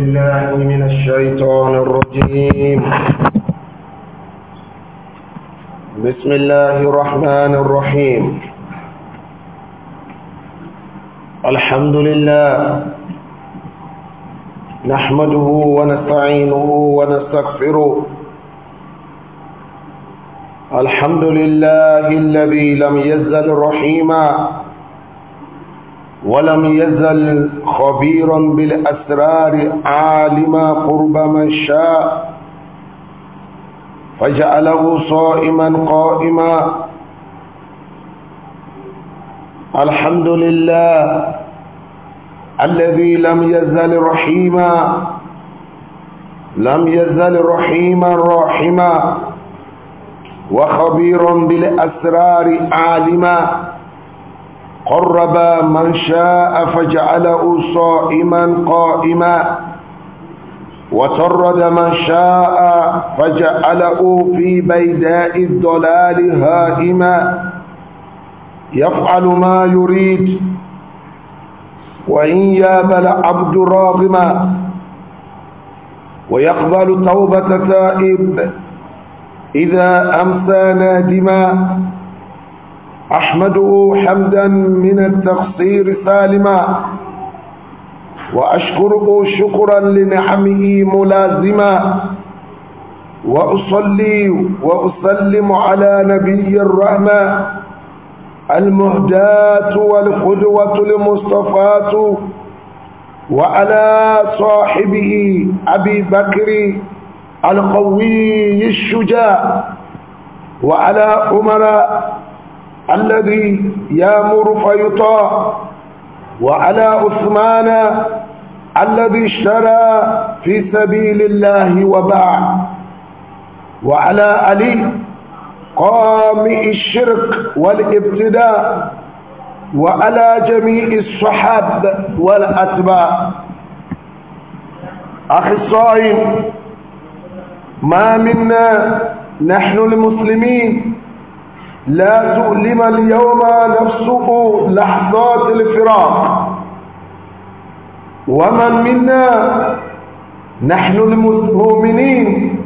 بالله من الشيطان الرجيم بسم الله الرحمن الرحيم الحمد لله نحمده ونستعينه ونستغفره الحمد لله الذي لم يزل رحيماً ولم يزل خبيرا بالأسرار عالما قرب من شاء فجعله صائما قائما الحمد لله الذي لم يزل رحيما لم يزل رحيما راحما وخبير بالأسرار عالما قرب من شاء فجعله صائما قائما وترد من شاء فجعله في بيداء الضلال هائما يفعل ما يريد وإن ياب العبد راغما ويقبل توبة تائب إذا أمسى نادما أحمده حمدا من التقصير سالما وأشكره شكرا لنعمه ملازما وأصلي وأسلم على نبي الرحمة المهداة والقدوة المصطفاة وعلى صاحبه أبي بكر القوي الشجاع وعلى أمراء الذي يامر فيطاع وعلى عثمان الذي اشترى في سبيل الله وباع وعلى علي قام الشرك والابتداء وعلى جميع الصحاب والأتباع أخي الصائم ما منا نحن المسلمين لا تؤلم اليوم نفسه لحظات الفراق ومن منا نحن المؤمنين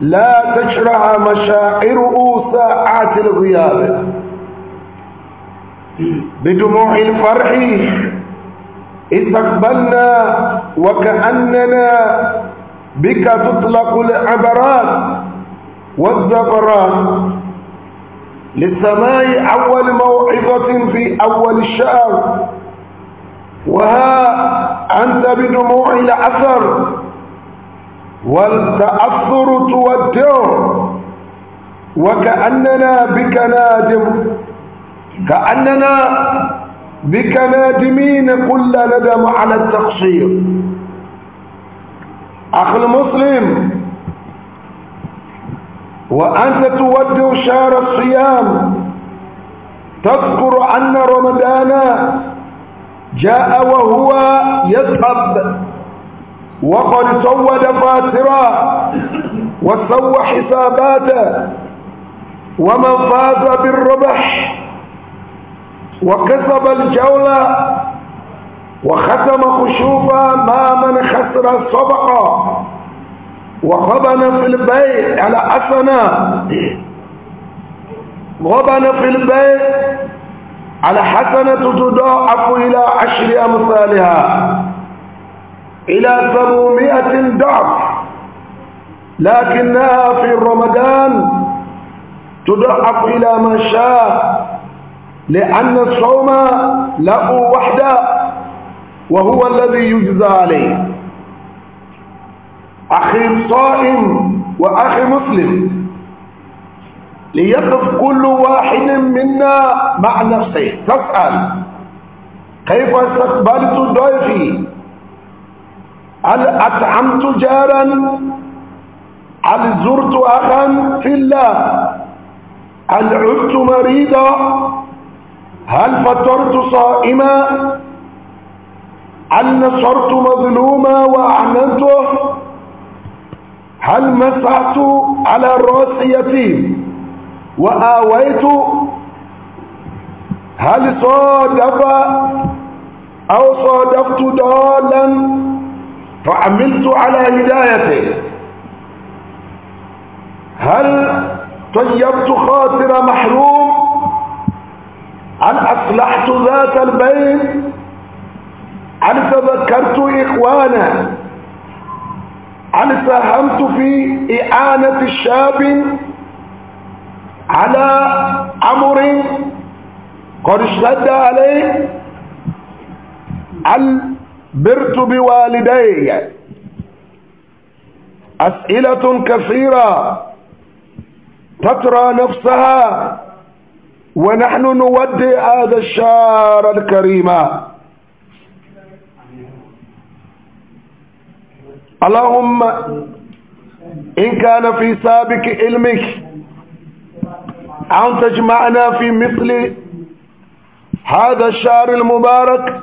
لا تشرع مشاعره ساعات الغياب بدموع الفرح استقبلنا وكأننا بك تطلق العبرات والزفرات للسماء أول موعظة في أول الشهر وها أنت بدموع الأثر والتأثر تودع وكأننا بك نادم كأننا بك نادمين كل ندم على التقصير أخ المسلم وأنت تودع شهر الصيام تذكر أن رمضان جاء وهو يذهب وقد سود فاترا وسوى حساباته ومن فاز بالربح وكسب الجولة وختم خشوفا ما من خسر الصبقة وغبن في البيت على حسنة غبن في البيت على حسنة تضاعف إلى عشر أمثالها إلى ثمومئة ضعف لكنها في رمضان تضاعف إلى ما شاء لأن الصوم له وحده وهو الذي يجزى عليه أخي صائم وأخي مسلم ليقف كل واحد منا مع نفسه تسأل كيف استقبلت ضيفي هل أطعمت جارا هل زرت أخا في الله هل عدت مريضا هل فطرت صائما هل نصرت مظلوما وأعنته هل مسحت على رأس يتيم وآويت هل صادف أو صادفت ضالا فعملت على هدايته هل طيبت خاطر محروم هل أصلحت ذات البين هل تذكرت إخوانا هل ساهمت في إعانة شاب على أمر قد اشتد عليه هل برت بوالدي أسئلة كثيرة تترى نفسها ونحن نودي هذا الشار الكريم اللهم إن كان في سابق علمك أن تجمعنا في مثل هذا الشهر المبارك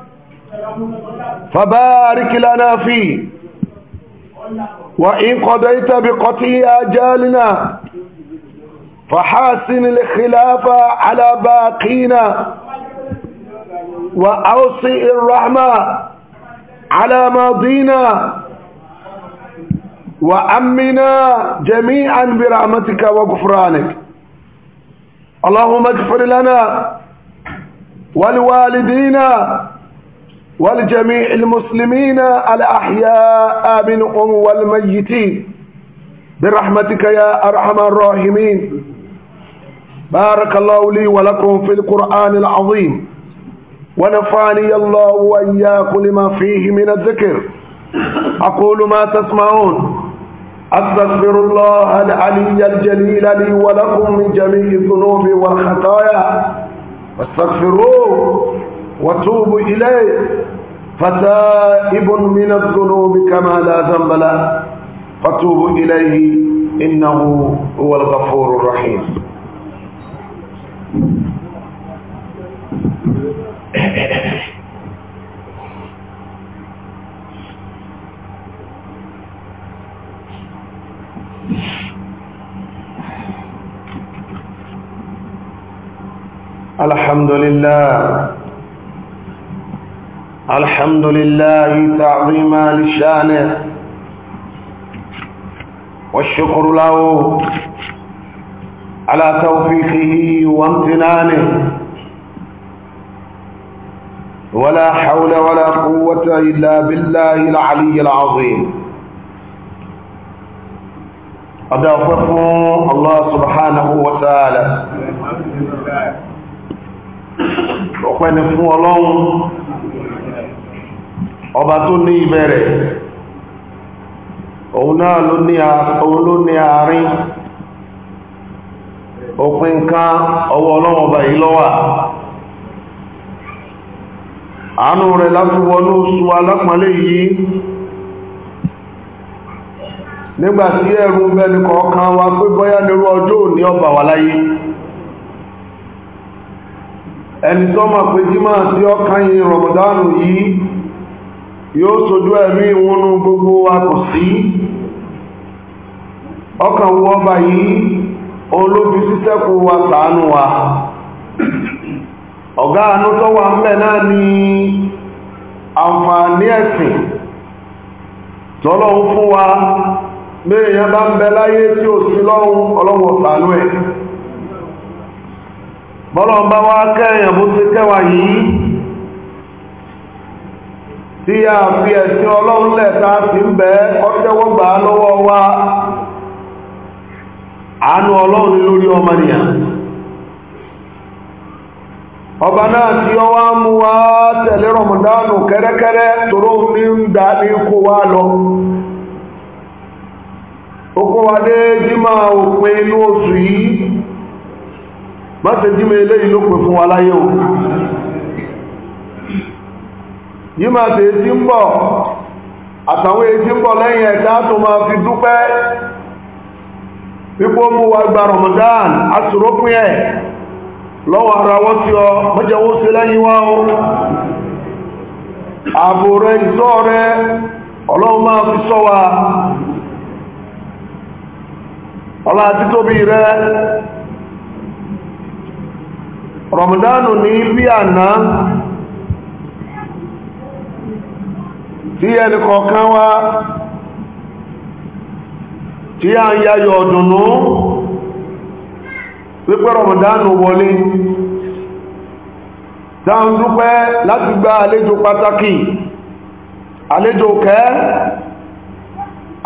فبارك لنا فيه وإن قضيت بقطيع أجالنا فحاسن الخلافة على باقينا وأوصي الرحمة على ماضينا وأمنا جميعا برحمتك وغفرانك اللهم اغفر لنا ولوالدينا ولجميع المسلمين الأحياء منهم والميتين برحمتك يا أرحم الراحمين بارك الله لي ولكم في القرآن العظيم ونفعني الله وإياكم لما فيه من الذكر أقول ما تسمعون أستغفر الله العلي الجليل لي ولكم من جميع الذنوب والخطايا واستغفروه وتوبوا إليه فتائب من الذنوب كما لا ذنب له فتوبوا إليه إنه هو الغفور الرحيم Thank you. الحمد لله الحمد لله تعظيما لشانه والشكر له على توفيقه وامتنانه ولا حول ولا قوة إلا بالله العلي العظيم أدافقه الله سبحانه وتعالى ọpẹ́ fún ọlọ́run ọba tó ní ìbẹ̀rẹ̀ òun náà ló ní àárín òpin kan ọwọ́ ọlọ́run ọba yìí ló wà àánú rẹ̀ láti wọnú oṣù alápàálẹ̀ yìí nígbàtí ẹ̀rù bẹni kọ̀ọ̀kan wa pé bọ́yá nírú ọjọ́ òní ọba wà láyé ẹni tó mọ̀ pé jímọ̀ tí ó káyìn rọ̀mọ̀dánù yìí yóò sojú ẹ̀mí ìwọnú gbogbo wa ọkàn wọ́n bá yìí olóbi sísẹ́kù wa sàánú wa ọ̀gá anú wa mẹ́ náà ni àǹfààní ẹ̀sìn tọ́lọ́hun fún wa bá ń bẹ láyé tí ò bọ́lọ̀n bá wá kẹ́yàn bó ti kẹwà yìí tí a fi ẹ̀sìn ọlọ́run lẹ́ta fi ń bẹ́ ọjọ́wọ́gbà lọ́wọ́ wa àánú ọlọ́run lórí ọmọnìyàn ọba náà tí ó wá mú wá tẹ̀lé rọmọdánù kẹ́rẹ́kẹ́rẹ́ ní ń dá lọ wa dé jímọ̀ òpin ma ṣe dị mi eléyìí fún wa láyé o yìí máa ṣe etí ń bọ̀ àtàwọn etí ń bọ̀ lẹ́yìn ẹ̀dá tó máa fi dúpẹ́ pípọ́ mú wa gba Ramadan ẹ̀ lọ́wọ́ ara wọ́n ti ọ mọ́jẹ̀wó ṣe lẹ́yìn wá o ààbò rẹ ìṣọ́ rẹ ọlọ́run máa fi wa rẹ rọ̀mùdánù ní bí àná tí ẹnìkọ̀ọ̀kan wá tí a ń yayọ̀ ọ̀dùnnú wípé rọ̀mùdánù wọlé dáhùn dúpẹ́ láti gba àlejò pàtàkì àlejò kẹ́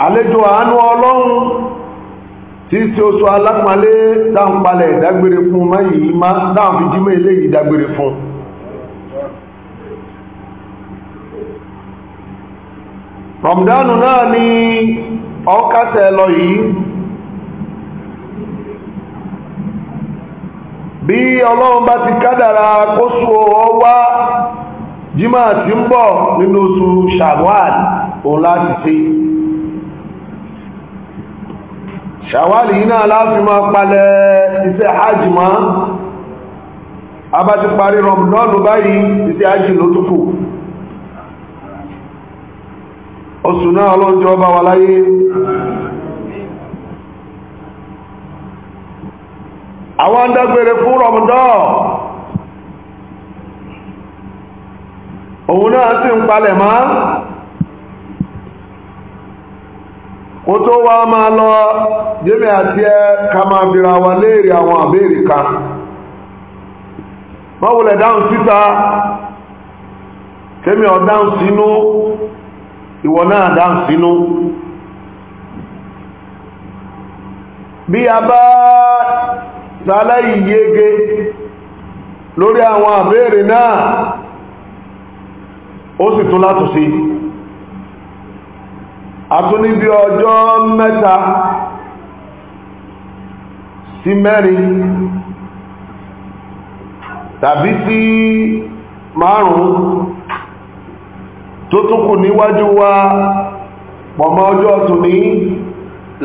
àlejò àánú ọlọ́run tí tí ó sọ alápàálé dáǹpalẹ̀ ìdágbére fún ọmọ mẹ́yìí má dáǹfijímẹ́ ilé ìdágbére fún rọ̀mdánù náà ni ọkásẹ̀ lọ yìí bí ọlọ́run bá ti kádàrà kó sọ ọwá jímọ̀ tí ń bọ̀ nínú oṣù Shawwal òun láti ṣe ṣàwálì yìí náà láti máa palẹ̀ iṣẹ́ hajj ma a bá ti parí rọmùdọ́nù báyìí iṣẹ́ hajj ló tó kù oṣù náà ọlọ́njọ́ ọba wà láyé àwọn dágbére fún rọmùdọ́n òun náà sì ń palẹ̀ kó tó wá máa lọ jẹ́mi àti ẹ ká máa bira wa léèrè àwọn àbẹ́rẹ́ kan mọ́wùlẹ̀ dáhùn síta tẹ́mi ọ̀ dáhùn sínú ìwọ náà dáhùn sínú bí a bá ṣaláìyege lórí àwọn àbẹ́rẹ́ náà ó sì tún látòsí atúnibí ọjọ́ mẹ́ta si mẹ́rin tàbí sí márùn tó tún kù níwájú wa pọ̀mọ́ ọjọ́ tún ní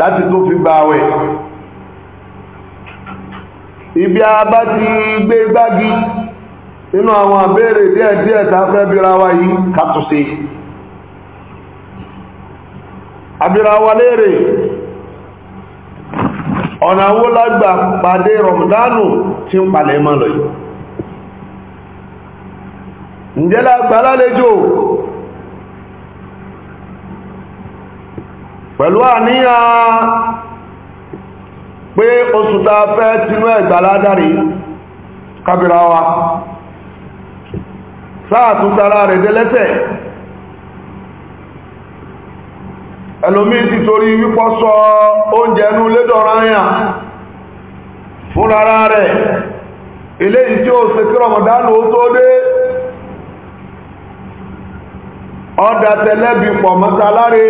láti tó fi gba àwẹ̀ ibi a bá ti gbé gbági nínú àwọn àbẹ́rẹ̀ díẹ̀díẹ̀ tá fẹ́ bíra wa yìí kàtùsí abira wa léèrè ọ̀nà wo la pàdé rọ̀mùdánù tí ń palẹ̀ mọ́ lọ yìí ǹjẹ́ la lálejò pẹ̀lú àníyàn pé oṣù ta fẹ́ tinú ẹ̀gbà ládàrí kábíra wa sáà tún tara rẹ̀ dẹ́lẹ́tẹ̀ ẹlòmí ti torí wípọ́ sọ oúnjẹ ẹnu lédọ̀rọ̀ àyà fún rárá rẹ̀ eléyìí tí ó se kí rọmọdánù ó tó dé ọ̀dà tẹlẹ́bì pọ̀ mọ́ta láre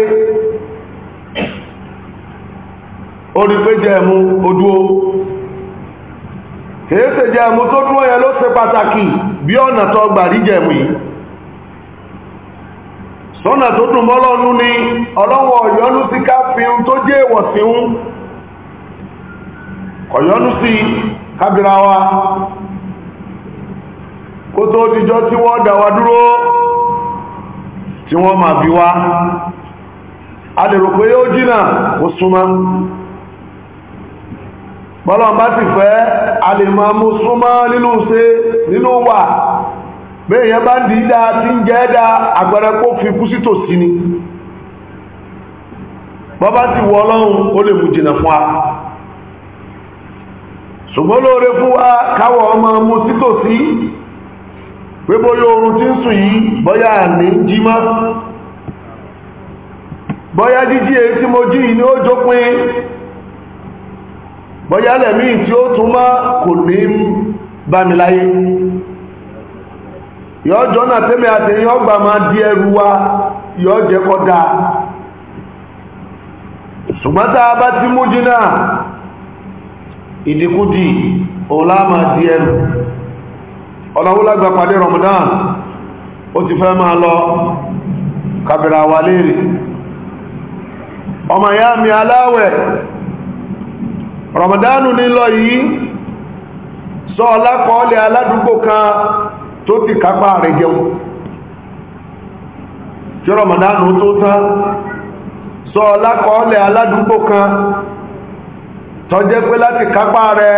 orí pé jẹ́ẹ̀mú odúó kìí ṣe jẹ́ẹ̀mú tó dúó yẹn ló ṣe pàtàkì bí ọ̀nà tó gbà rí jẹ́ẹ̀mú yìí sọ́nà tó dùn mọ́lọ́nú ni ọlọ́wọ́ ọ̀yọ́nú sí ká tó jẹ́ èèwọ̀ sí ń kọ̀yọ́nú sí kábìrà wa kó tó dìjọ́ tí wọ́n dá wa dúró tí wọ́n máa bí wá a lè rò pé yóò jìnà kó súnmá bọ́lọ̀ bá ti fẹ́ a lè máa mú súnmọ́ nínú wà bẹ́ẹ̀yàn bá ń dì í tí ń jẹ́ dáa ni bọ́bá ti wọ ọlọ́run ó lè mú jìnà fún ṣùgbọ́n lóore ọmọ mú sí tòsí pé bóyá oorun ti ń sùn yìí bóyá ní jímọ́ bóyá jíjí èyí tí mo jí ní ó jópin bóyá lẹ̀mí tí ó yọ jọ náà tẹ́mi àtẹ̀yìn ọgbà máa di ẹrù wa yọ jẹ́ kọ da ṣùgbọ́n tá a bá ti mú jìnnà ìdíkúdì ọ̀la máa di ẹrù ọ̀làwúlágbà pàdé Ramadan ó ti fẹ́ máa lọ kàbìrà wà léèrè ọmọ ya mi aláwẹ̀ Ramadan yi lọ yìí sọ ọlákọọ́lẹ̀ aládùúgbò kan tó ti kápá rẹ̀ jẹun tí rọmọdánù tó tán sọ ọlákọọlẹ̀ aládùúgbò kan tọ́jẹ́ pé láti kápá rẹ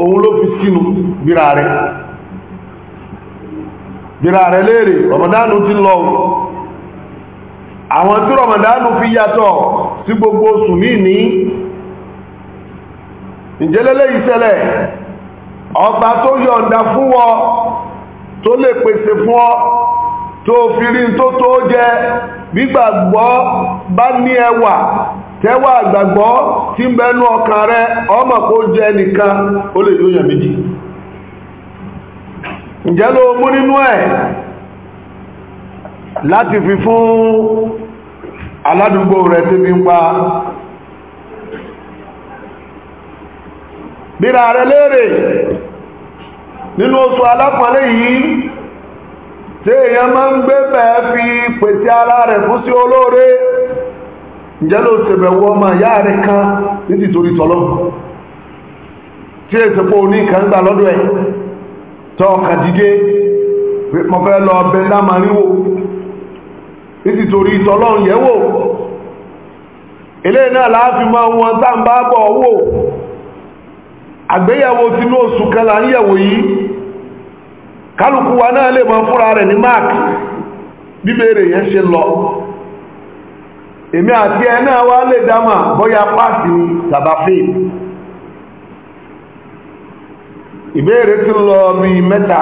òun ló fi sínú bíra rẹ bíra rẹ léèrè rọmọdánù ti lọ àwọn tí rọmọdánù fi yàtọ̀ sí gbogbo oṣù míì ní ìjẹ́lẹ́lẹ́ ìṣẹ̀lẹ̀ ọba tó yọ̀ǹda fún wọn tó lè pèsè fún ọ tó fi rí tó tó jẹ gbígbàgbọ́ bá ní ẹwà tẹwà àgbàgbọ́ tí ń bẹnu ọkàn rẹ ọmọ kó jẹ nìkan ó lè lóyàn méjì ǹjẹ́ ló mú nínú ẹ̀ láti fi fún aládùúgbò rẹ tó bí ń pa bíra rẹ̀ léèrè nínú oṣù alápọ̀lẹ́ yìí tí èèyàn máa ń gbé bẹ́ẹ̀ fi pèsè ara rẹ̀ fún sí olóore ǹjẹ́ ló ṣèbẹ̀wò ọmọ ìyá rẹ̀ kan ní tìtorí tọ́lọ́ tí èsì pé òní kan gbà lọ́dọ̀ ẹ̀ tọ́ ọkà dìde mo fẹ́ lọ ọbẹ̀ lámaríwò tọ́lọ́ yẹ̀wò eléyìí náà láàfin àgbéyẹ̀wò tinú oṣù kan là ń yẹ̀wò yìí kálukú wa náà lè mọ fúnra rẹ̀ ní mark bíbèrè yẹn ṣe lọ èmi àti ẹ náà wá lè dámà bóyá páàsì ni tàbáfẹ́ ìbéèrè ti lọ bí mẹ́ta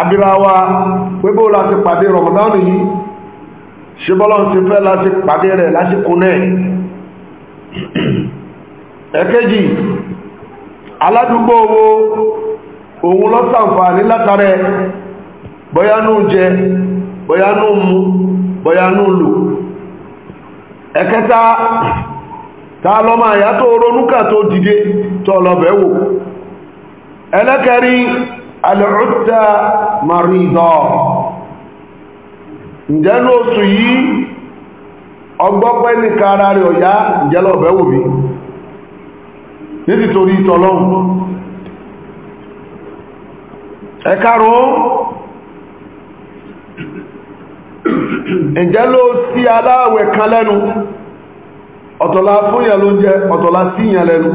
abirawa pébó láti pàdé rọ̀mọ̀dánù yìí ṣe ti fẹ́ láti pàdé rẹ̀ lásìkò náà ẹ̀kẹ́jì aládùúgbò owó òun lọ ṣàǹfààní látàrẹ bọ́yánú jẹ bọ́yánú mú bọ́yánú lò ẹ̀kẹta ta lọ máa yá tó ronúkà tó dìde tó lọ́bẹ̀ wò ẹlẹ́kẹrin alẹ́rùtà maridọ́ ǹjẹ́ ní oṣù yìí ọgbọ́pẹ́ ní kára rẹ̀ ọ̀yá ǹjẹ́ lọ́bẹ̀ wò bí èsì torí ìtọ́lọ́run ẹ̀kàrò ǹjẹ́ ló sí aláàwẹ̀ kan lẹ́nu ọ̀tọ̀lá fún ló jẹ ọ̀tọ̀lá sí lẹ́nu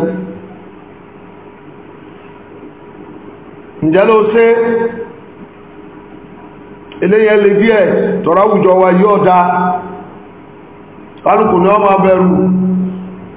ǹjẹ́ ló sé eléyẹ lè díẹ̀ tọ́ráwùjọ wa yóò dá lánùkù ọmọ abẹ́rù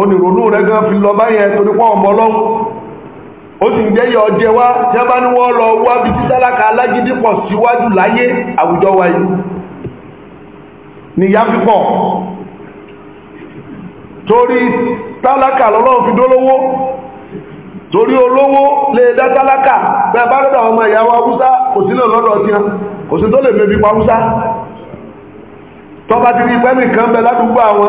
onírònú rẹ̀ gan fi lọ báyẹn torí pọ́ ọmọ ọlọ́run ó sì ń jẹ́ yọ ọjẹ́ wá tí bá ní wọ́n lọ wá bí títàlákà alágídí pọ̀ síwájú láyé àwùjọ wa yìí nìyá tori torí tálákà lọ́lọ́run fi dólówó torí olówó lè dá tálákà bẹ́ẹ̀ bá lọ́dọ̀ ọmọ ìyá wa Hausa kò sí náà lọ́dọ̀ ọtí kò sí tó lè mebi pa Hausa tọ́ba ti rí pẹ́ẹ́nì kan bẹ ládùúgbò àwọn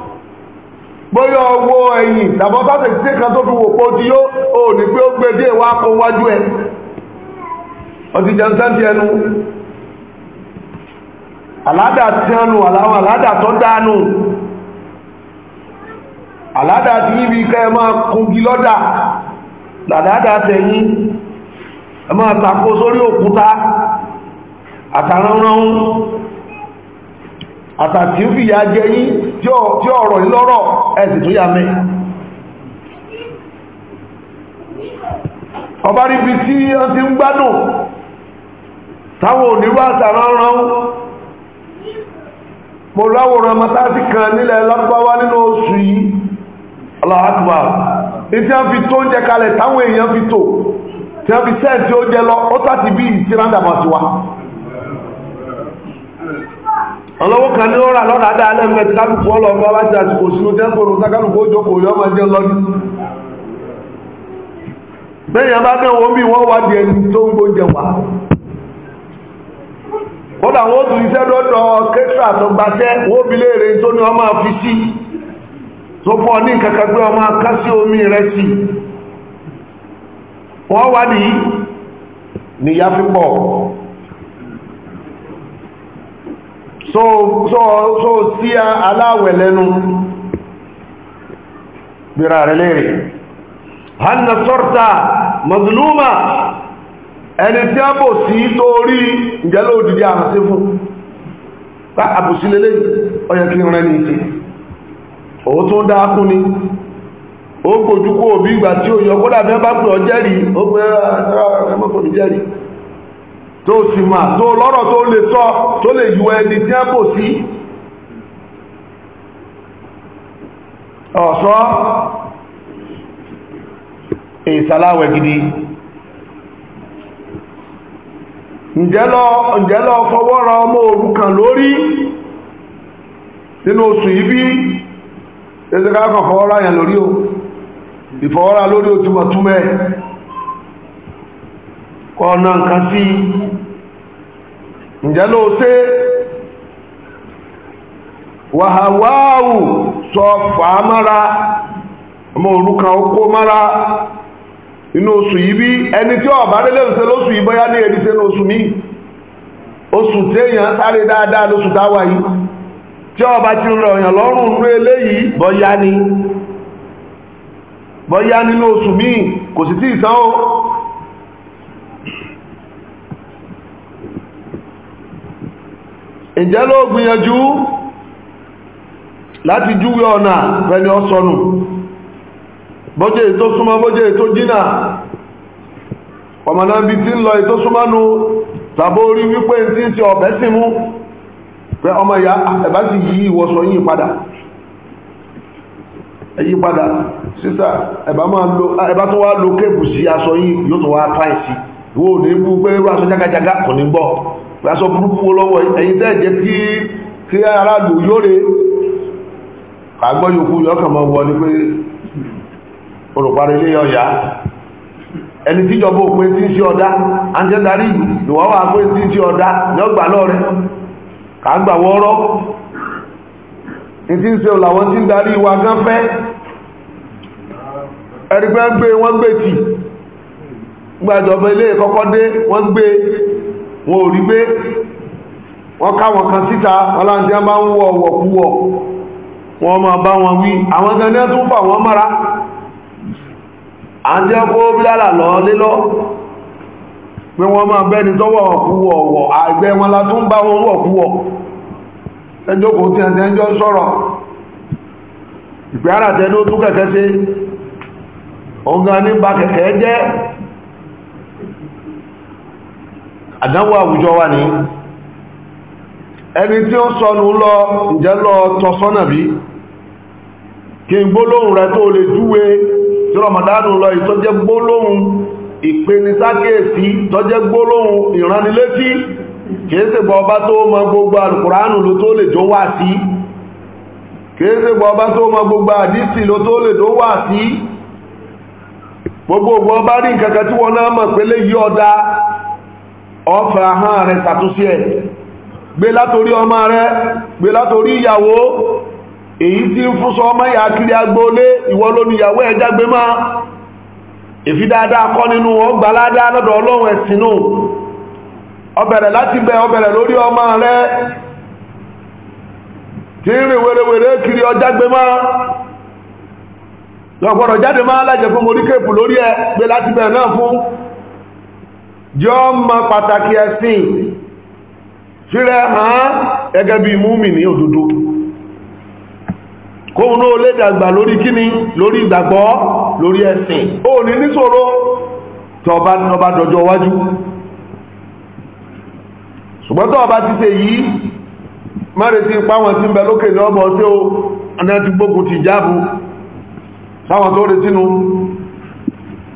bóyá ọwọ́ ẹ̀yìn tàbọ́ tàbí tí kan tó fi wò pọ̀ tí yóò ò ní pé ó gbé dé wá kó wájú ẹ̀ ẹnu àládà tí ẹnu àláwọn àládà tó dánú aládà tí níbi kẹ́ ẹ àtàtí fi ya jẹ yí tí ọ̀rọ̀ ìlọ́rọ̀ ẹ̀sì tó yà mẹ́ ọba ríbi tí ó ti ń gbádùn táwọn onírú àtàrà rán mo láwòrán mọ́tàtí kan nílẹ̀ lọ́gbáwá nínú oṣù yìí aláàtùmá ìtí wọ́n fi tó oúnjẹ kalẹ̀ táwọn èèyàn fi tó tí wọ́n fi sẹ́ẹ̀tì oúnjẹ lọ ó sá ti bí ìsirandàmọ́síwá ọlọ́wọ́ kan ní ọ̀rà lọ́rà dáadẹ́ mẹ́ ti kálùkù ọlọ́gbọ́ bá ti àsìkò sínú tẹ́kùrù sákálùkù òjòkò yọ́ máa jẹ́ lọ́dún bẹ́yàn bá mẹ́wọ́ bí wọ́n wá di ẹni tó ń gbóúnjẹ wá kódà wọ́n tún iṣẹ́ lọ́dọ̀ kẹ́tà tó gbaṣẹ́ wọ́n bí léèrè tó ní ọmọ fi sí tó fọ́ ní ọmọ wọ́n so so so sí aláwẹ̀ lẹ́nu bíra rẹ̀ lérè hanna sọ́rta mazluma ẹni tí a bò sí torí ìjẹ́lẹ̀ òdìdí àmà fún bá àbùsí ọyẹ kí rẹ̀ ní ìtì òun tó ni ó òbí ìgbà tí ó yọ kódà pè ó tó sì máa tó lọ́rọ̀ tó lè sọ tó lè yọ ẹni tí a bò sí ọ̀ṣọ́ ìsàláwẹ̀ gidi ǹjẹ́lọ ǹjẹ́lọ fọwọ́ra ọmọ òrukàn lórí nínú oṣù bí ẹzẹ́ká kan yẹn lórí o ìfọwọ́ra lórí o ọ̀nà nǹkan sí ǹjẹ́ ló ṣe wàhàwáwù sọ fàá mára ọmọ òrùka okó mára inú oṣù yìí bí ẹni tí ọ̀bá délé òṣèlú lóṣù yìí bóyá ní ẹni tẹ́nu oṣù míì oṣù téèyàn sáré dáadáa lóṣù táwa yìí tí ọba ti rọ èèyàn lọ́rùn nú eléyìí bóyá ni bọ nínú oṣù míì kò sì tí ì sanwó ǹjẹ́ ló gbìyànjú láti júwe ọ̀nà fẹ́ni ọ̀sọ̀nù bọ́jẹ́ ètò súnmọ́ bọ́jẹ́ ètò jìnà ọmọ tí ń lọ ètò súnmọ́nu tàbó orí wípé tí ń ọ̀bẹ́ sí ọmọ ìyá ẹ̀bá yí padà ẹ̀yí padà sísà ẹ̀bá tó wá lo kébù sí aṣọ yóò tó wá sí bú pé aṣọ jágajága gbàsọ burúkú lọ́wọ́ ẹ̀yin tẹ́ jẹ́ kí kí aráàlú yóre àgbọ́ yòókù yọ́kàn mọ́ wọ ní pé olùparí ilé ọ̀yá ẹni tíjọba òpin tí ń ṣe ọ̀dá àjẹ́darí ìwọ́ wà pé tí ń ṣe ọ̀dá yọ́gbà lọ́rẹ̀ kàgbà wọ́rọ́ ń ṣe làwọn tí ń darí wa gán fẹ́ ẹ̀rí gbé wọ́n gbé tì gbàjọba ilé dé wọ́n gbé wọn ò rí gbé káwọn kan síta ọláńtí bá ń wọ wọn máa bá wọn wí àwọn fà wọ́n à ń jẹ́ kó bílálà lọ wọn la bá wọn ẹjọ́ kò tí sọ̀rọ̀ ló tún kẹ̀kẹ́ sí ọ̀gá ní ba kẹ̀kẹ́ jẹ́ àdánwò àwùjọ wà ní ẹni tí ó sọnù lọ ǹjẹ́ lọ tọ́ sọ́nà bí kí n gbólóhùn rẹ tó lè júwe tí Ramadanu lọ ìtọ́jẹ́ gbólóhùn ìpenisákèsí tọ́jẹ́ gbólóhùn ìránnilétí kìí ṣe bọba tó mọ gbogbo alùkùránù ló tó lè jó wà sí kìí ṣe tó mọ gbogbo àdísì ló tó lè tó wà sí gbogbo ọba rí nǹkankan tí wọ́n náà mọ̀ pé lè yí ọ̀dá ọfẹ́ ahán rẹ̀ sàtúnsí ẹ̀ gbé látorí ọmọ rẹ̀ gbé látorí ìyàwó èyí tí ń fún ọmọ ìyà kiri agbóolé ìwọ lóníyàwó ẹ̀ jágbé máa èfi dáadáa kọ́ nínú ọgbà ládá lọ́dọ̀ ọlọ́run ẹ̀sìnú ọbẹ̀rẹ̀ láti bẹ ọbẹ̀rẹ̀ lórí ọmọ rẹ̀ tí ń rìn wèrèwèrè kiri ọjágbé máa lọ́gbọ̀rọ̀ jáde máa lájẹ̀ fún lórí gbé láti náà fún jọ ma pàtàkì ẹ̀sìn fírẹ́ hàn gẹ́gẹ́ bí múmìnì òdodo kóhun náà lè dàgbà lórí kíni lórí ìgbàgbọ́ lórí ẹ̀sìn ó ní níṣòro tọba tọba dọjọ́ wájú ṣùgbọ́n tọba ti ṣe yìí mẹ́rin ti páwọn tí ń bẹ lókè ní ọmọ tí ó aná ti gbógun ti jáàbù sáwọn tó retínú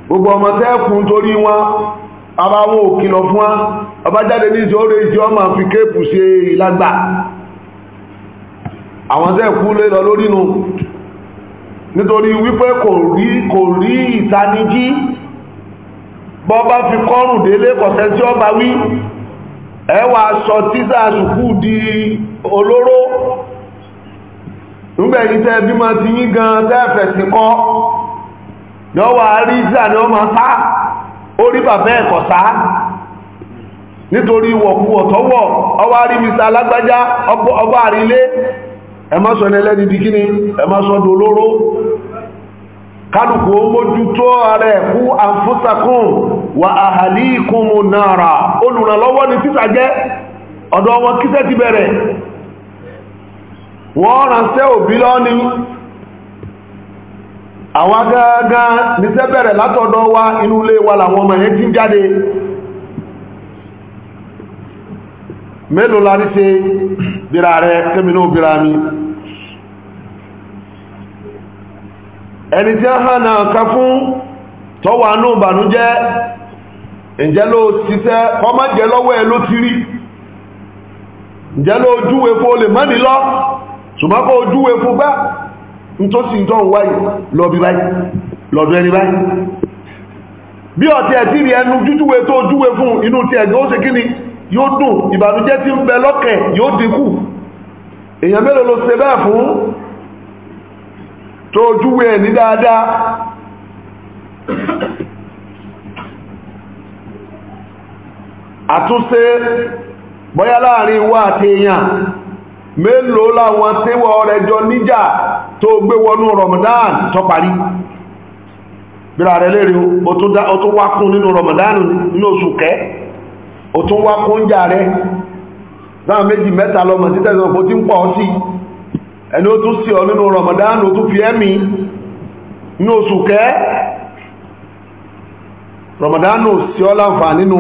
gbogbo ọmọ tẹ́ẹ̀kùn torí wọn àbá wọn ò kìlọ̀ fún wa ọba jáde ní ìṣòro ìjọ ọmọ fi kéèpù ṣe ìlágbà àwọn tẹ́ kú lé lọ lórí nu nítorí wípé kò rí kò rí ìtanijí bọ́ bá fi kọ́rùn délé kọ̀sẹ́ tí ọba wí ẹwà sọ títà sùkú di olóró nígbẹ̀yìn tẹ́ bímọ ti yín gan tẹ́ẹ̀fẹ̀ sí kọ́ yọ́wà rí ìtà ni ọmọ sáà orí bàbá ẹ̀kọ̀ sá nítorí wọ̀kú ọ̀tọ́wọ̀ ọwá rí mr alágbájá ọba àrílé ẹmọ́sọ̀ ẹlẹ́ni di kíni ẹmọ́sọ̀ dolóró kálùkù a mójútó ààrẹ ẹ̀kú àfúsàkùn wà àhàlíkùn náà olùrànlọ́wọ́ ni títà jẹ́ ọ̀dọ̀ wọn kíṣẹ́ àwọn gángan níṣẹ́ bẹ̀rẹ̀ látọ̀dọ̀ wá inú ilé wa làwọn ọmọ yẹn ti ń jáde mélòó la ṣe bíra rẹ bíra mi ẹni tí a hàn náà ká fún tọ́wọ́ àánú ìbànújẹ́ ǹjẹ́ ló ṣiṣẹ́ lọ́wọ́ ẹ ló ti rí ló nítòsí tó ń wáyé lọ́bí báyìí lọ́dọ̀ ẹni báyìí bí ọ̀tí ẹ̀tí rí ẹnu jújúwe tó júwe fún inú ti ẹ̀gbẹ́ ó ṣe kí ni yóò dùn ìbànújẹ́ tí ń bẹ lọ́kẹ̀ yóò dínkù èèyàn mélòó se ṣe bẹ́ẹ̀ fún tó júwe ẹ̀ dáadáa àtúnṣe bóyá láàrin wa àti èèyàn mélòó làwọn téwọ́ rẹ̀ jọ níjà tó gbé wọnú Ramadan tó parí bíra rẹ̀ lérè o tún wá kún nínú Ramadan nínú oṣù kẹ́ o tún wá kún jà rẹ̀ dáa méjì mẹ́ta lọmọ títẹ́ ìsọ̀pọ̀ tí ń pọ̀ sí ẹni ó ọ nínú Ramadan ó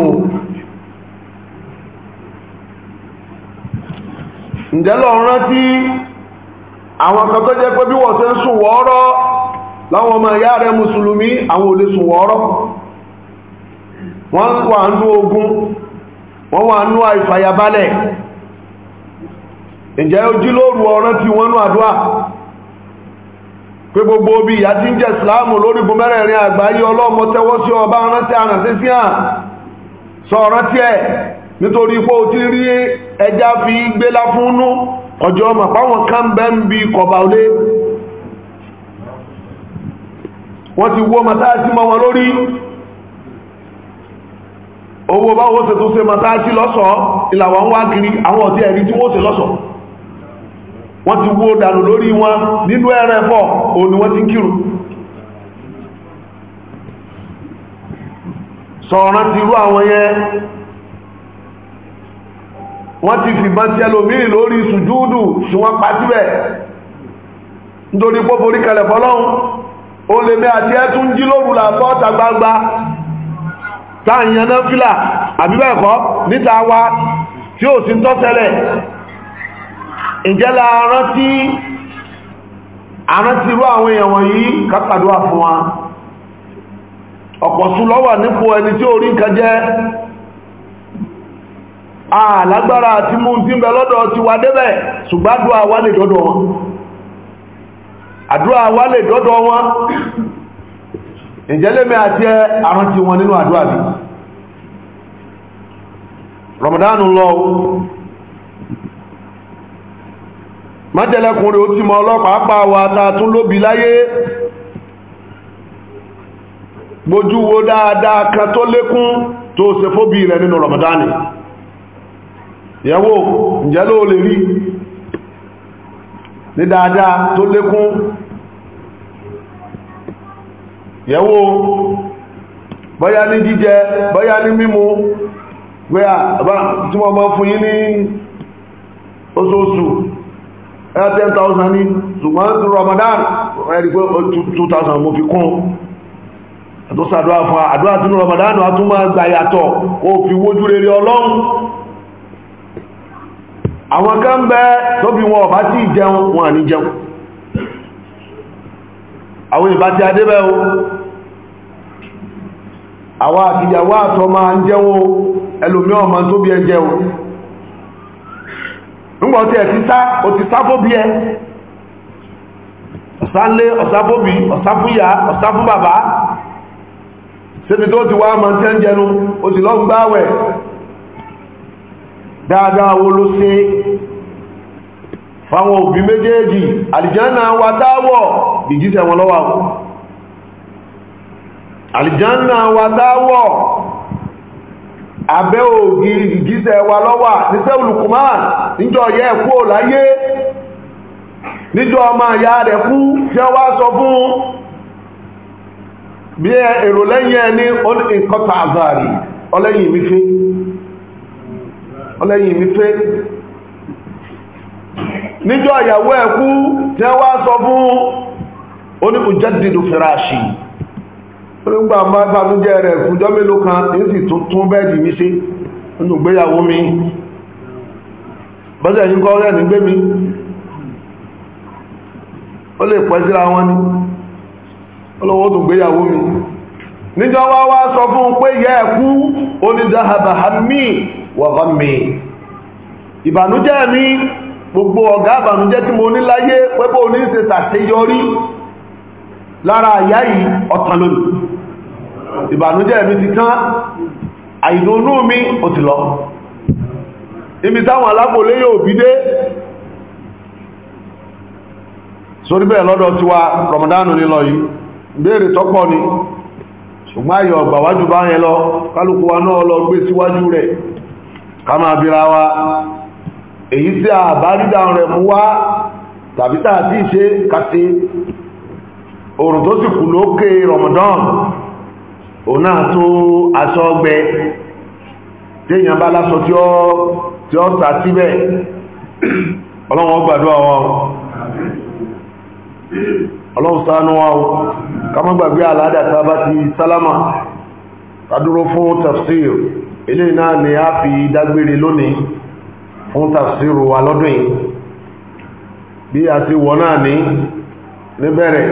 ǹjẹ́ lọ rántí àwọn kan tó jẹ́ pé bí wọ́n ṣe ń sùn wọ́ọ́rọ́ láwọn ọmọ ìyá rẹ̀ mùsùlùmí àwọn sùn wọ́ọ́rọ́ wọ́n wà ogun wọ́n wà ń nú àìfàyàbalẹ̀ ǹjẹ́ ojúlóòrù ọ̀rán tí wọ́n nú àdúà gbogbo obi ìyá tí ń jẹ́ ìsìláàmù lórí àgbáyé ọlọ́mọ tẹ́wọ́ sí ọba rántí àrántí sí sọ rántí ẹ̀ nítorí pé o ti rí ẹja fi gbélá fun ọjọ́ ọmọ páwọn kan kọba olé wọ́n ti wó matáàtì mọ́ wọn lórí owó báwo ṣe tó se matáàtì lọ́sọ̀ọ́ ìlàwọ̀ ń wá kiri àwọn ọ̀tí ẹ̀rí tí wọ́n ṣe lọ́sọ̀ọ́ wọ́n ti wó dànù lórí wọn nínú ẹ̀rẹ̀ fọ́ òun ni wọ́n ti kírun sọ̀rọ̀ ti rú àwọn yẹn wọ́n ti fìbọn sí ẹlòmíì lórí sùjúdù sí wọ́n pa síbẹ̀ nítorí pé forí kalẹ̀ fọlọ́hún ó lè mẹ́ àti ẹtún jí lóru làtọ́ ta gbangba táàyàn náà fìlà àbí bẹ́ẹ̀ kọ́ níta wa tí ó sì ń tọ́sẹ̀lẹ̀ ìjẹ́lá rántí àrántí irú àwọn èèyàn wọ̀nyí kápàdúwà fún wa ọ̀pọ̀ sùn lọ́wà nípò ẹni tí ó rí nǹkan jẹ́ alágbára àti mú tí ń bẹ lọ́dọ̀ ti wà débẹ̀ ṣùgbọ́n àdúrà wa lè dọ́dọ̀ wọn àdúrà wa lè dọ́dọ̀ wọn ìjẹ́lẹ́mẹ́ àti àrántí wọn nínú àdúrà bí Ramadan lọ májẹ̀lẹ́kùnrin ó ti mọ ọlọ́pàá pa wa ta tún lóbi láyé gbójú wo dáadáa kan tó lékún tó ṣe fóbi rẹ̀ nínú Ramadan ìyẹn wò ǹjẹ́ ló rí ní dáadáa tó lékún ìyẹn bọ́yá ní jíjẹ bọ́yá ní mímu pé àbá tí wọ́n mọ́ fún yín ní oṣooṣù 10,000 ní ṣùgbọ́n ní Ramadan ẹ̀rí pé 2,000 mo fi kún àdúrà tí Ramadan wà tún máa gbà yàtọ̀ fi wójú rere Ọlọ́run àwọn kan bẹ tóbi wọn ọ̀bá tí jẹun wọn àní jẹun àwọn ìbá ti adébẹ̀ o àwọn àtọ́ ma ń jẹun elu ọmọ tó bí ẹ jẹun nígbàtí ẹ̀ ti sá o ti sá fóbi ẹ ọ̀sánlé ọ̀sáfóbi ọ̀sáfúyà ọ̀sáfúbàbá síbi tó ti wá mọ̀ tẹ́ ń jẹnu o ti lọ wee. dáadáa wo ló fáwọn òbí méjèèjì àlìjánà wa dáwọ̀ ìjísẹ̀ wọn lọ́wọ́ àlìjánà wa dáwọ̀ abẹ́ ògiri ìjísẹ̀ wa lọ́wà ní sẹ́wùlùkùnmáà níjọ yẹ kú ò láyé níjọ ọmọ ìyá rẹ̀ kú wá sọ fún bí èrò lẹ́yìn ẹni ó ní ọlẹ́yìn mi fi ọlẹ́yìn mi pé níjọ́ ìyàwó ẹ̀kú wá sọ fún oníbùjẹ́dìdò fẹ́ráṣì onígbà máa bàtújẹ́ rẹ̀ fújọ́ mélòó kan ní sì tún tún bẹ́ẹ̀dì mi sí mi bọ́sẹ̀ yìí kọ́ rẹ̀ mi ó lè pẹ́ síra wọn ni gbéyàwó mi níjọ́ wá wá sọ fún pé yẹ́ ẹ̀kú onídáhàbà mi ìbànújẹ́ mi gbogbo ọ̀gá ìbànújẹ́ tí mo ní láyé pẹ́bọ́ oní ṣe sàṣeyọrí lára àyá yìí ọ̀tàn lónìí ìbànújẹ́ mi ti tán àìdùnnú mi ò ti lọ ibi táwọn yóò bí dé sórí bẹ́ẹ̀ lọ́dọ̀ tí wa Ramadan ní lọ yìí béèrè tọ́pọ̀ ni ṣùgbọ́n ayọ̀ ọgbàwájú bá yẹn lọ kálukú wa náà lọ gbé síwájú kama abira wa èyí tí a bá rídà rẹ̀ mú wá tàbí tàà tí ṣe kàtí oòrùn tó sì kù lókè Ramadan òun náà tó aṣọ ọgbẹ téèyàn bá lásọ tí ó sà síbẹ̀ ọlọ́run gbàdúrà wọn ọlọ́run ṣàánú wa o ká má gbàgbé bá ti sálámà ká fún tafsir ilé náà ni a fi dágbére lónìí fún tafsiru wa lọ́dún yìí bí a ti wọ náà ní níbẹ̀rẹ̀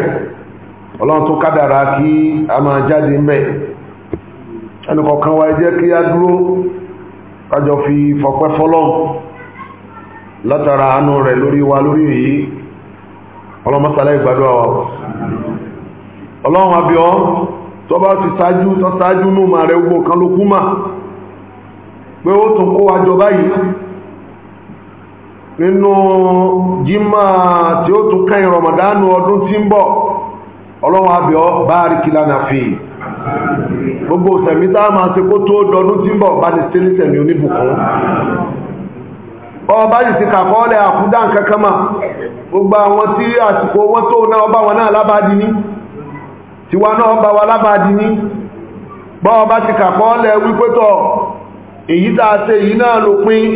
ọlọ́run tó kádàrá kí a máa jáde ń wa jẹ́ kí a dúró kájọ fi fọpẹ́ fọ́lọ́n látara àánú rẹ̀ lórí wa lórí yìí ìgbàdọ́ ọlọ́run abiọ́ bá ti nù rẹ̀ kan ló pé ó tún kó àjọ báyìí nínú jímọ̀ tí ó tún kẹ́yìn ọdún tí ń bọ̀ ọlọ́wọ́n abẹ́ọ́ fi gbogbo sẹ̀mí tá máa ṣe kó tó dọdún tí ń bọ̀ bá ọba ti kàkọ́ọ́lẹ̀ àkúdán kankan mà gbogbo àwọn tí àsìkò tó náà ọba wọn náà tiwa náà ọba ní bọ́ ọba ti wípé tọ̀ èyí dáadé yìí náà ló pín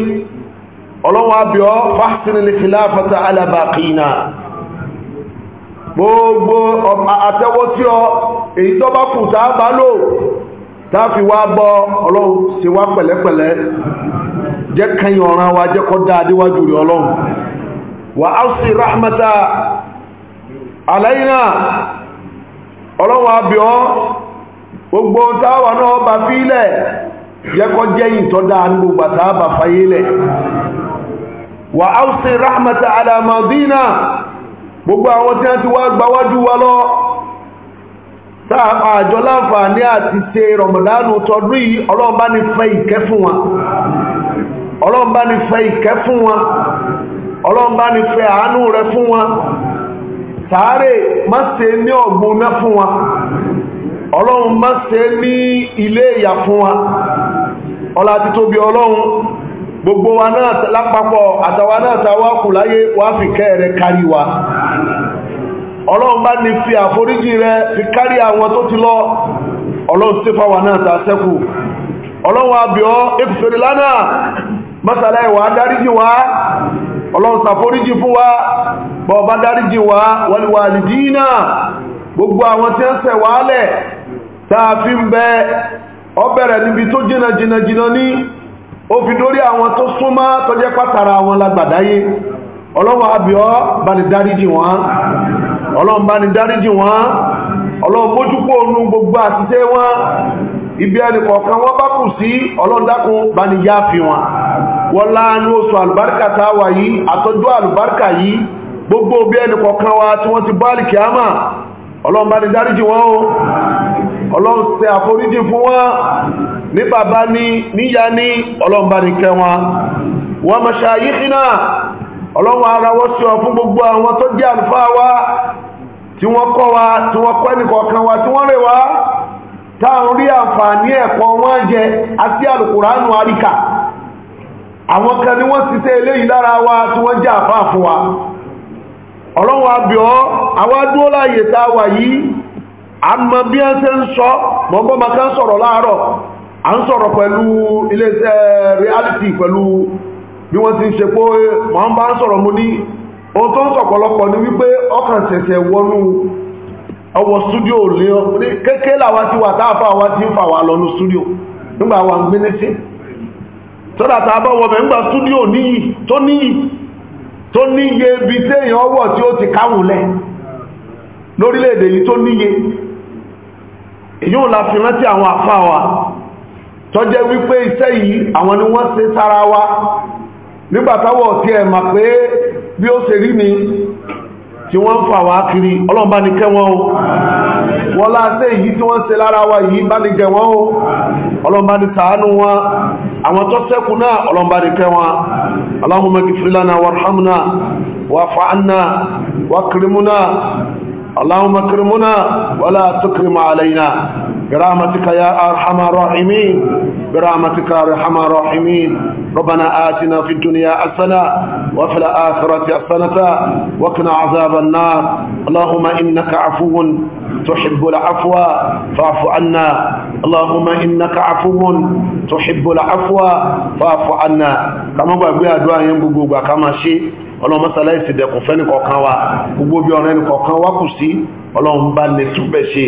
ọlọ́wọ́ abíọ́ fásitì kìláfàtà alábàkìnà gbogbo àtẹ́wọ́ tí ọ èyí tó bá kù tá bá lò táàfi wá bọ́ ọlọ́run ṣe wá pẹ̀lẹ́pẹ̀lẹ́ jẹ́ kẹyìn ọ̀ràn wa jẹ́ kọ́ dáadéwájú rí ọlọ́run wà á sí rahmata ọlọ́run abíọ́ gbogbo jẹ́kọ́ jẹ́ ìtọ́ dáa ní gbogbo àtàbà fayé lẹ̀ wà áùsì gbogbo àwọn tí wọ́n ti wá wa lọ sáàpá àjọ láǹfààní àti tọdún yìí ní fẹ́ ìkẹ́ fún wa ọlọ́run ní fẹ́ ìkẹ́ fún wa ní fẹ́ àánú rẹ fún wa sàárè má ṣe ní ọ̀gbun náà fún wa ọlọ́run má ní ilé ìyà fún ọlá ti tóbi ọlọ́run gbogbo wa náà lápapọ̀ àtàwa náà tàwa kù láyé fi kẹ́ rẹ kárí wa ọlọ́run bá ní fi àforíjì rẹ fi kárí àwọn tó ti lọ ọlọ́run tí fáwa náà ta sẹ́kù ọlọ́run abíọ́ èfìfèrè lánàá mọ́sàlá ìwà dáríjì ọlọ́run fún wa bọ́ọ̀bá dáríjì gbogbo àwọn tí ń ó bẹ̀rẹ̀ níbi tó jìnnà jìnnà jìnnà ní ó fi àwọn tó súnmọ́ tó jẹ́ pátara àwọn lágbàdáyé ọlọ́wọ́ abiọ́ bá dáríjì wọn ọlọ́run wọn gbogbo àtiṣẹ́ wọn ibi wọ́n bá kù sí ọlọ́dákun yá fi wọn wọ́n láàánú oṣù àlùbáríkà tá a wà yìí àtọ́jú gbogbo ibi wa tí wọ́n ti bá ọlọ́run se àforíjì fún wọn ní bàbá ní níyà ní ọlọ́run bá ní kẹ́ wọn wọ́n mọ̀ṣá yìí kìnnà ọlọ́run ara wọ́n sí ọ gbogbo àwọn tó jẹ́ àlùfáà wa tí wọ́n kọ́ wa tí wọ́n kọ́ ẹnìkọ̀ọ̀kan wa tí wọ́n rè wá táwọn rí àǹfààní ẹ̀kọ́ wọn jẹ àti àlùkùránù àríkà àwọn kan ni wọ́n ti tẹ́ eléyìí lára wa tí wọ́n jẹ́ àfáà fún wa ọlọ́run àbíọ́ àwa dúró láàyè tá a wà yìí a mọ bí ẹ ṣe ń sọ mọ bọ́ ma ká ń sọ̀rọ̀ láàárọ̀ à ń sọ̀rọ̀ pẹ̀lú iléeṣẹ́ reality pẹ̀lú bí wọ́n ti ń ṣe pé mọ̀ ń bá ń sọ̀rọ̀ mo ní ohun tó ń sọ̀pọ̀lọpọ̀ ni wípé ọkàn ṣẹ̀ṣẹ̀ wọnú ọwọ́ studio lé ọ ní kékeré làwa ti wà táàfà àwa ti ń studio nígbà wà ti káwùn lẹ̀ lórílẹ̀-èdè yìí tó níye yóò la fi rántí àwọn àfá wa tó jẹ́ wípé iṣẹ́ yìí àwọn ni wọ́n ṣe sára wa nígbàtàwọ̀ tí ẹ ma pé bi ó ṣe rí ni tí wọ́n ń fà kiri ọlọ́mbá ní kẹ́ wọn o wọ́n láṣẹ́ èyí tí wọ́n ṣe lára wa yìí bá wọn o ọlọ́mbá ní ṣàánú wọn àwọn tó ṣẹ́kù náà ọlọ́mbá ní kẹ́ wọn Allahumma ghfir lana warhamna wa'fu anna اللهم اكرمنا ولا تكرم علينا برحمتك يا ارحم الراحمين برحمتك يا ارحم الراحمين ربنا آتنا في الدنيا حسنه وفي الآخرة حسنه وقنا عذاب النار اللهم إنك عفو تحب العفو فاعف عنا اللهم إنك عفو تحب العفو فاعف عنا كما بقى دعاء ينبغوا كما شيء ọlọ́run mọ́sálá ìsìdẹ̀kùn fẹ́ nìkọ̀ọ̀kan wa gbogbo bí ọ̀rẹ́ nìkọ̀ọ̀kan wá kù sí ọlọ́run bá lè túbẹ̀ ṣe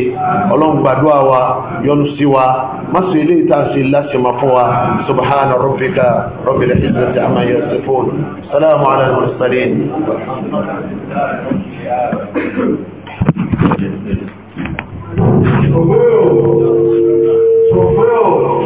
ọlọ́run gbàdúrà wa yọ́nú sí wa masu ilé ìtàṣe láṣẹmà fún wa subhana rabbika rabbil izzati amma yasifun salamu ala al-mursalin Sofreu,